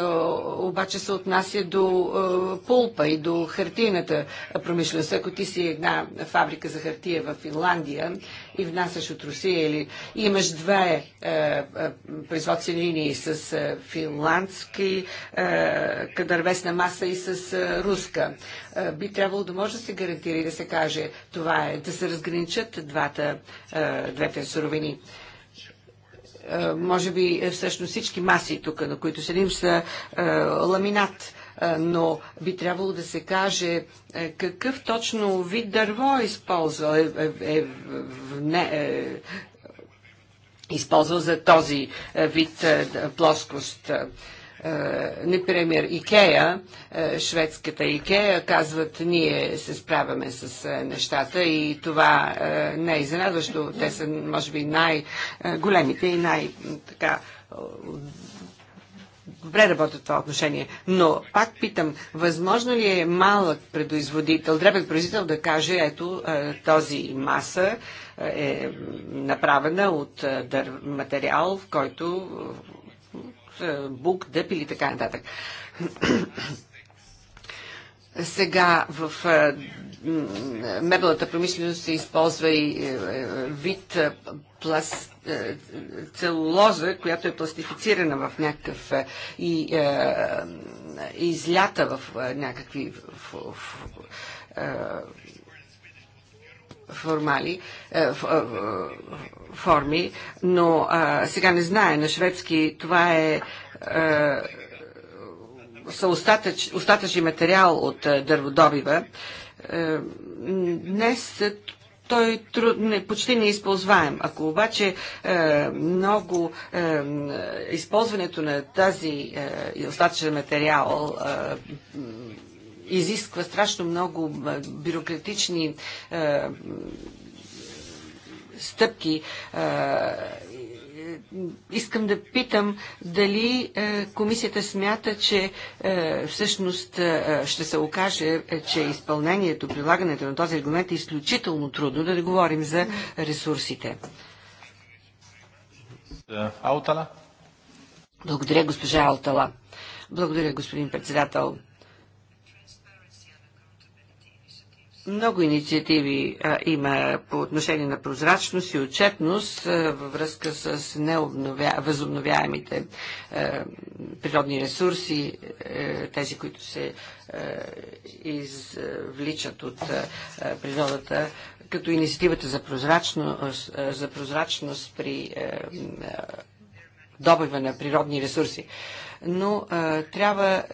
обаче се отнася до е, пулпа и до хартийната промишленост. Ако ти си една фабрика за хартия в Финландия и внасяш от Русия или имаш две производствени линии с финландски дървесна маса и с руска, би трябвало да може да се гарантира и да се каже това е, да се разграничат двата, двете суровини. Е, може би е, всъщност всички маси тук, на които седим, са е, ламинат но би трябвало да се каже какъв точно вид дърво е използвал, е, е, е, не, е, използвал за този вид плоскост. Е, Например, Икея, е, шведската Икея, казват, ние се справяме с е, нещата и това не е изненадващо. Те са, може би, най-големите и най-така добре работят това отношение. Но пак питам, възможно ли е малък предоизводител, дребен производител да каже, ето този маса е направена от материал, в който е, бук, дъп или така нататък. Сега в е, мебелата промишленост се използва и е, вид целулоза, която е пластифицирана в някакъв и излята в някакви формали, форми, но а, сега не знае на шведски. Това е а, са остатъч, остатъчни материал от а, дърводобива. А, днес той труд, не, почти не е използваем. Ако обаче е, много е, използването на тази е, остатъчен материал е, изисква страшно много бюрократични е, стъпки. Искам да питам дали комисията смята, че всъщност ще се окаже, че изпълнението, прилагането на този регламент е изключително трудно, да не говорим за ресурсите. Аутала. Благодаря, госпожа Алтала. Благодаря, господин председател. Много инициативи а, има по отношение на прозрачност и отчетност а, във връзка с необновя... възобновяемите а, природни ресурси, а, тези, които се а, извличат от а, природата, като инициативата за прозрачност, а, за прозрачност при а, а, добива на природни ресурси. Но а, трябва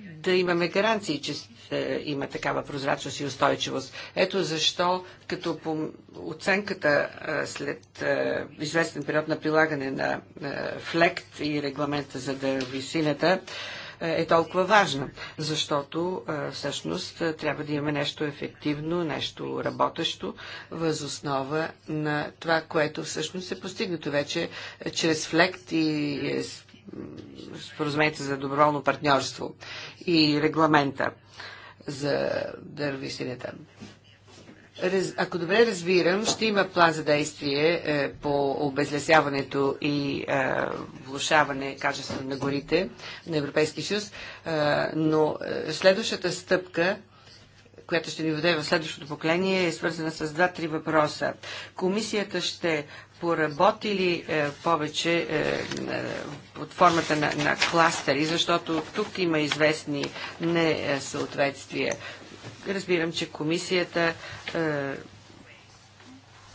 да имаме гаранции, че е, има такава прозрачност и устойчивост. Ето защо, като по оценката е, след е, известен период на прилагане на ФЛЕКТ и регламента за дървесината, е толкова важна, защото всъщност трябва да имаме нещо ефективно, нещо работещо, възоснова на това, което всъщност е постигнато вече чрез флект и споразумението за доброволно партньорство и регламента за дървесината. Раз, ако добре разбирам, ще има план за действие е, по обезлесяването и е, влушаване качеството на горите на Европейския съюз, е, но е, следващата стъпка, която ще ни въде в следващото поколение, е свързана с два-три въпроса. Комисията ще поработили е, повече е, е, под формата на, на кластери, защото тук има известни несъответствия. Разбирам, че комисията е,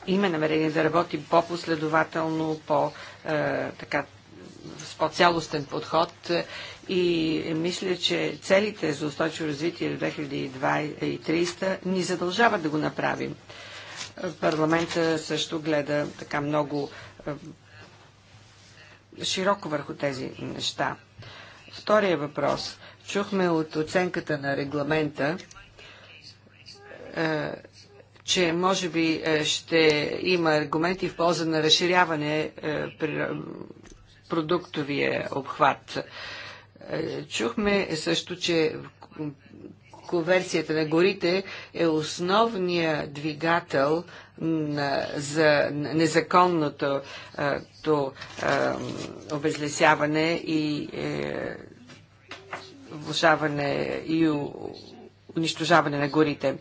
има намерение да работи по-последователно, по, е, така, с по-цялостен подход е, и мисля, че целите за устойчиво развитие до 2030 ни задължават да го направим. Парламента също гледа така много е, широко върху тези неща. Втория въпрос. Чухме от оценката на регламента, е, че може би е, ще има аргументи в полза на разширяване при продуктовия обхват. Чухме също, че конверсията на горите е основният двигател за незаконното то, обезлесяване и е, влушаване и унищожаване на горите.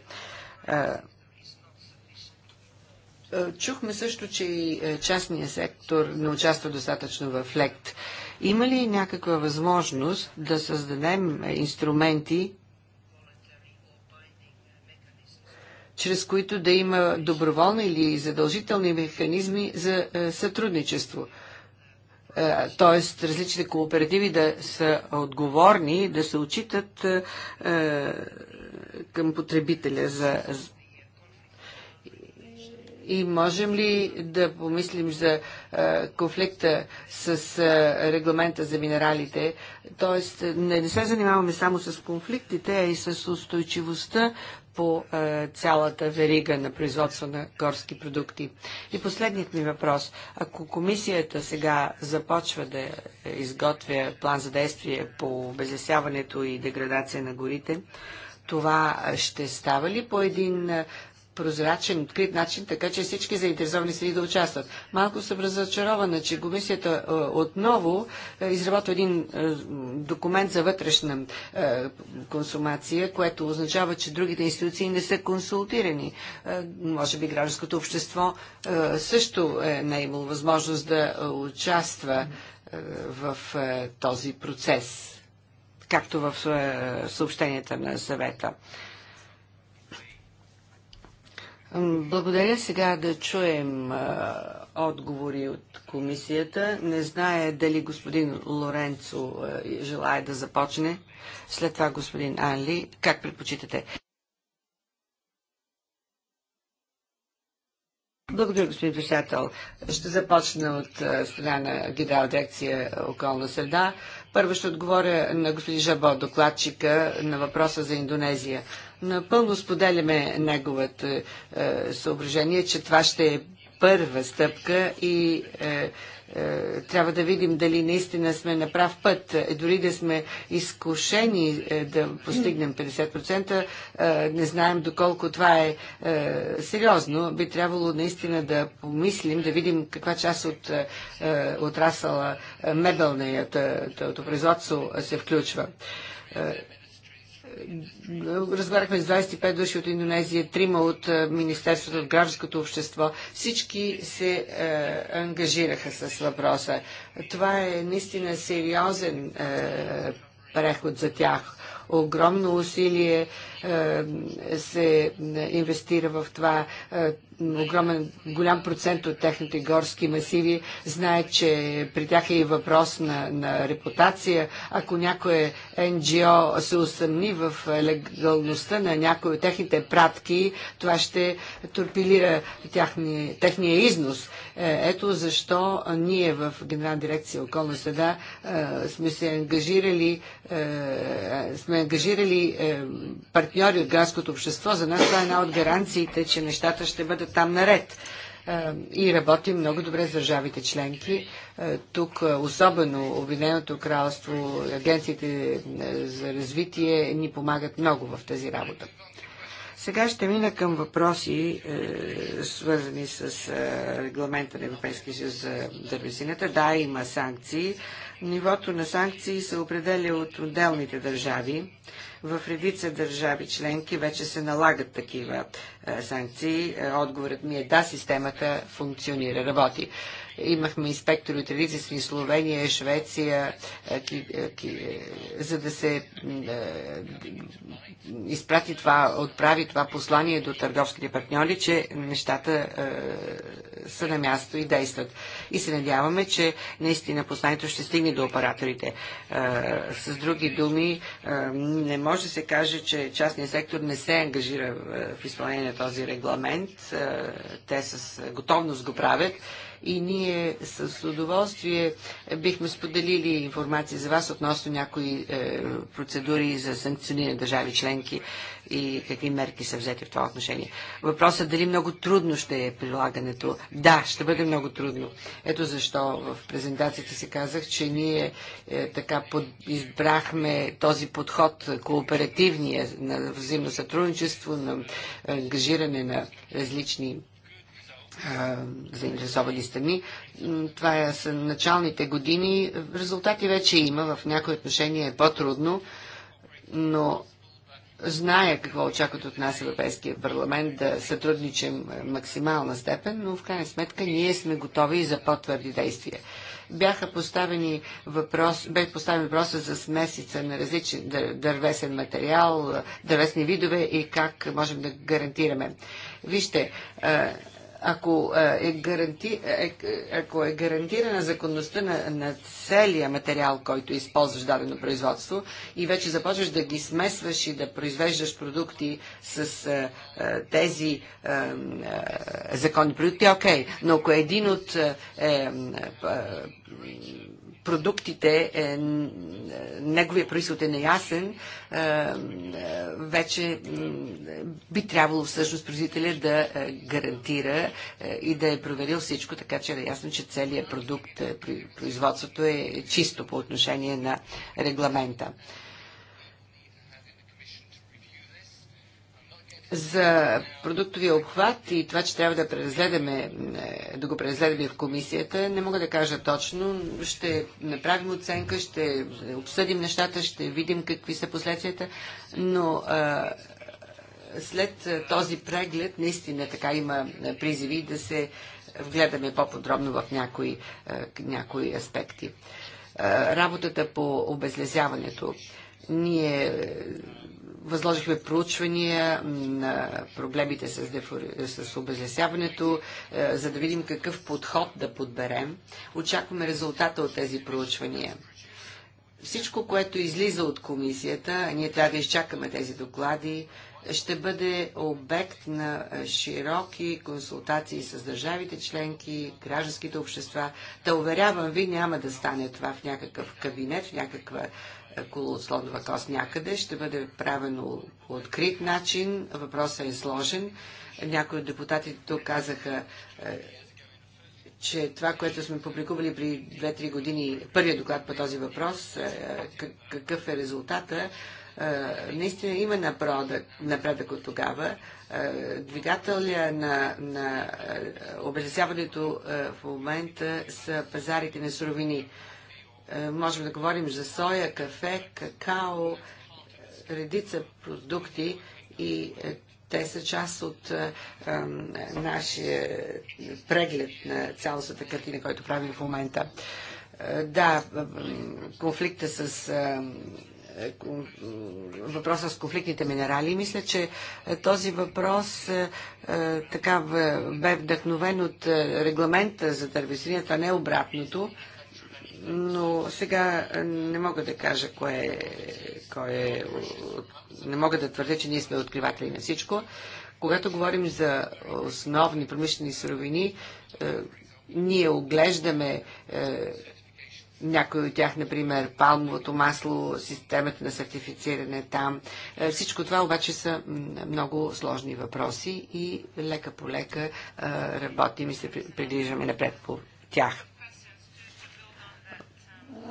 чухме също, че и е, частния сектор не участва достатъчно в лект. Има ли някаква възможност да създадем е, инструменти, чрез които да има доброволни или задължителни механизми за е, сътрудничество. Е, тоест, различните кооперативи да са отговорни, да се отчитат е, към потребителя за и можем ли да помислим за а, конфликта с а, регламента за минералите? Тоест, не, не се занимаваме само с конфликтите, а и с устойчивостта по е, цялата верига на производство на горски продукти. И последният ми въпрос. Ако комисията сега започва да изготвя план за действие по обезлесяването и деградация на горите, това ще става ли по един е, прозрачен, открит начин, така че всички заинтересовани и да участват. Малко съм разочарована, че комисията е, отново е, изработва един е, документ за вътрешна консумация, което означава, че другите институции не са консултирани. Може би гражданското общество също е не е имало възможност да участва в този процес, както в съобщенията на съвета. Благодаря сега да чуем а, отговори от комисията. Не знае дали господин Лоренцо а, желая да започне. След това господин Анли. Как предпочитате? Благодаря, господин председател. Ще започна от страна на Генерална дирекция околна среда. Първо ще отговоря на господин Жабо, докладчика на въпроса за Индонезия. Напълно споделяме неговото е, съображение, че това ще е първа стъпка и е, е, трябва да видим дали наистина сме на прав път. Е, дори да сме изкушени е, да постигнем 50%, е, не знаем доколко това е, е сериозно. Би трябвало наистина да помислим, да видим каква част от е, е отрасъла е, мебелнията, от производство се включва. Е, Разговаряхме с 25 души от Индонезия, трима от е, Министерството от гражданското общество. Всички се е, ангажираха с въпроса. Това е наистина сериозен е, преход за тях. Огромно усилие е, се е, инвестира в това. Е, огромен, голям процент от техните горски масиви знае, че при тях е и въпрос на, на репутация. Ако някое НГО се усъмни в легалността на някои от техните пратки, това ще торпилира тяхни, техния износ. Е, ето защо ние в Генерална дирекция околна среда е, сме се ангажирали, е, сме ангажирали партньори от градското общество. За нас това е една от гаранциите, че нещата ще бъдат там наред е, и работи много добре с държавите членки. Е, тук е, особено Обединеното кралство, агенциите за развитие ни помагат много в тази работа. Сега ще мина към въпроси, свързани с регламента на Европейския съюз за дървесината. Да, има санкции. Нивото на санкции се определя от отделните държави в редица държави членки вече се налагат такива е, санкции. Е, отговорът ми е да, системата функционира, работи. Имахме инспектори от редици Словения, Швеция, е, е, е, за да се изпрати това, отправи това послание до търговските партньори, че нещата са на място и действат. И се надяваме, че наистина посланието ще стигне до операторите. С други думи, не може да се каже, че частният сектор не се ангажира в изпълнение на този регламент. Те с готовност го правят и ние с удоволствие бихме споделили информация за вас относно някои е, процедури за санкциониране държави членки и какви мерки са взети в това отношение. Въпросът дали много трудно ще е прилагането. Да, ще бъде много трудно. Ето защо в презентацията си казах, че ние е, така под, избрахме този подход, кооперативния, на взаимно сътрудничество, на е, ангажиране на различни заинтересовани страни. Това е, са началните години. Резултати вече има. В някои отношения е по-трудно, но зная какво очакват от нас Европейския парламент да сътрудничим е, максимална степен, но в крайна сметка ние сме готови и за по-твърди действия. Бяха поставени въпрос, бе поставен въпроса за смесица на различен дървесен материал, дървесни видове и как можем да гарантираме. Вижте, е, ако е, е гаранти, е, е, ако е гарантирана законността на, на целия материал, който използваш дадено производство и вече започваш да ги смесваш и да произвеждаш продукти с е, тези е, законни продукти, окей. Okay. Но ако един от е, е, продуктите, е, е неговия происход е неясен, е, е вече би трябвало всъщност производителя да е, гарантира и да е проверил всичко, така че е ясно, че целият продукт, производството е чисто по отношение на регламента. за продуктовия обхват и това, че трябва да, преразгледаме, е, да го преразгледаме в комисията, не мога да кажа точно. Ще направим оценка, ще обсъдим нещата, ще видим какви са последствията, но а, след този преглед наистина така има призиви да се вгледаме по-подробно в някои, някои аспекти. А, работата по обезлезяването. Ние Възложихме проучвания на проблемите с, дефор... с обезлесяването, е, за да видим какъв подход да подберем. Очакваме резултата от тези проучвания. Всичко, което излиза от комисията, ние трябва да изчакаме тези доклади, ще бъде обект на широки консултации с държавите членки, гражданските общества. Да уверявам ви, няма да стане това в някакъв кабинет, в някаква около слонова кост някъде. Ще бъде правено по открит начин. Въпросът е сложен. Някои от депутатите тук казаха, е, че това, което сме публикували при 2-3 години, първият доклад по този въпрос, е, какъв е резултата, е, наистина има напредък от тогава. Двигателя на, на обезлесяването в момента са пазарите на суровини. Е, можем да говорим за соя, кафе, какао, е, редица продукти и е, те са част от а, нашия преглед на цялостната картина, който правим в момента. А, да, конфликта с. А, въпроса с конфликтните минерали. Мисля, че този въпрос така бе вдъхновен от регламента за дървесиния, а не обратното но сега е, не мога да кажа кое, кое е, не мога да твърдя, че ние сме откриватели на всичко. Когато говорим за основни промишлени суровини, е, ние оглеждаме е, някои от тях, например, палмовото масло, системата на сертифициране там. Е, всичко това обаче са много сложни въпроси и лека по лека е, работим и се придвижваме напред по тях.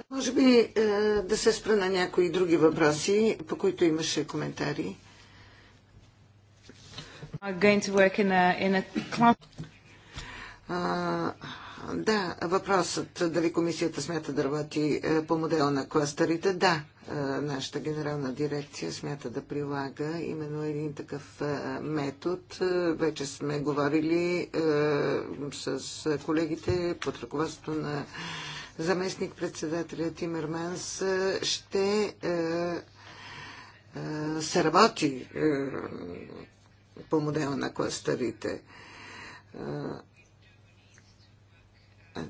Може би е, да се спра на някои други въпроси, по които имаше коментари. да, въпросът дали комисията смята да работи е, по модела на кластерите. Да, е, нашата генерална дирекция смята да прилага именно един такъв метод. Вече сме говорили с колегите под ръководството на заместник-председателя Менс е, ще е, е, се работи по модела на кластерите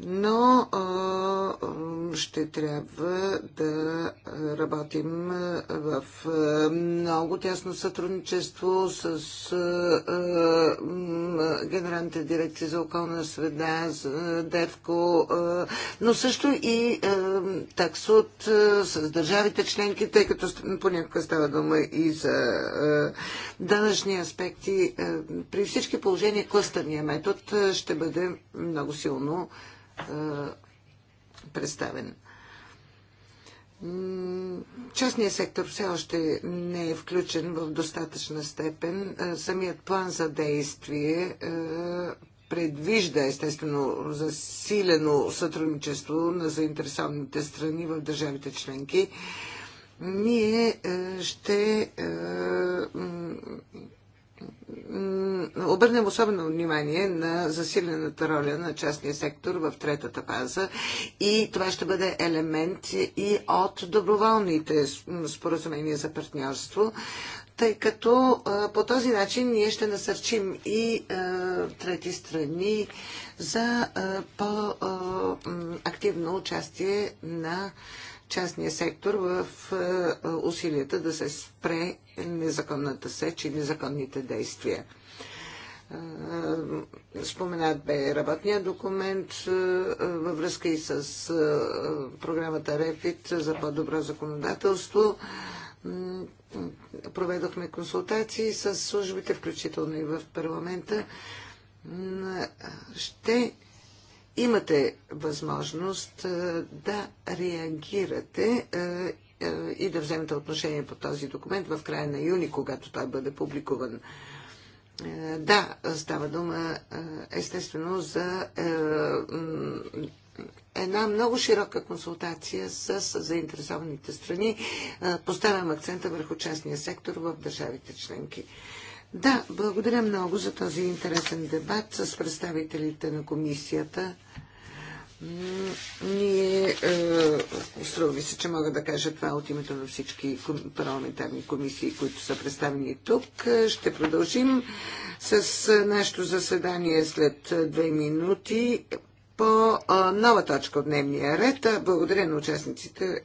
но ще трябва да работим в много тясно сътрудничество с Генералните дирекции за околна среда, ДЕВКО, но също и таксот с държавите членки, тъй като понякога става дума и за данъчни аспекти. При всички положения клъстърния метод ще бъде много силно е, представен. Частният сектор все още не е включен в достатъчна степен. Е, самият план за действие е, предвижда естествено засилено сътрудничество на заинтересованите страни в държавите членки. Ние ще обърнем особено внимание на засилената роля на частния сектор в третата фаза и това ще бъде елемент и от доброволните споразумения за партньорство, тъй като по този начин ние ще насърчим и трети страни за по-активно участие на частния сектор в е, усилията да се спре незаконната сеч и незаконните действия. Е, споменат бе работния документ е, във връзка и с програмата РЕФИТ за по-добро законодателство. Проведохме консултации с службите, включително и в парламента. Ще имате възможност е, да реагирате е, е, и да вземете отношение по този документ в края на юни, когато той бъде публикуван. Да, става дума естествено за една много широка консултация с заинтересованите страни. Поставям акцента върху частния сектор в държавите членки. Да, благодаря много за този интересен дебат с представителите на комисията. Ние, е, струва ми се, че мога да кажа това от името на всички парламентарни комисии, които са представени тук. Ще продължим с е, нашето заседание след е, две минути по е, нова точка от дневния ред. Благодаря на участниците.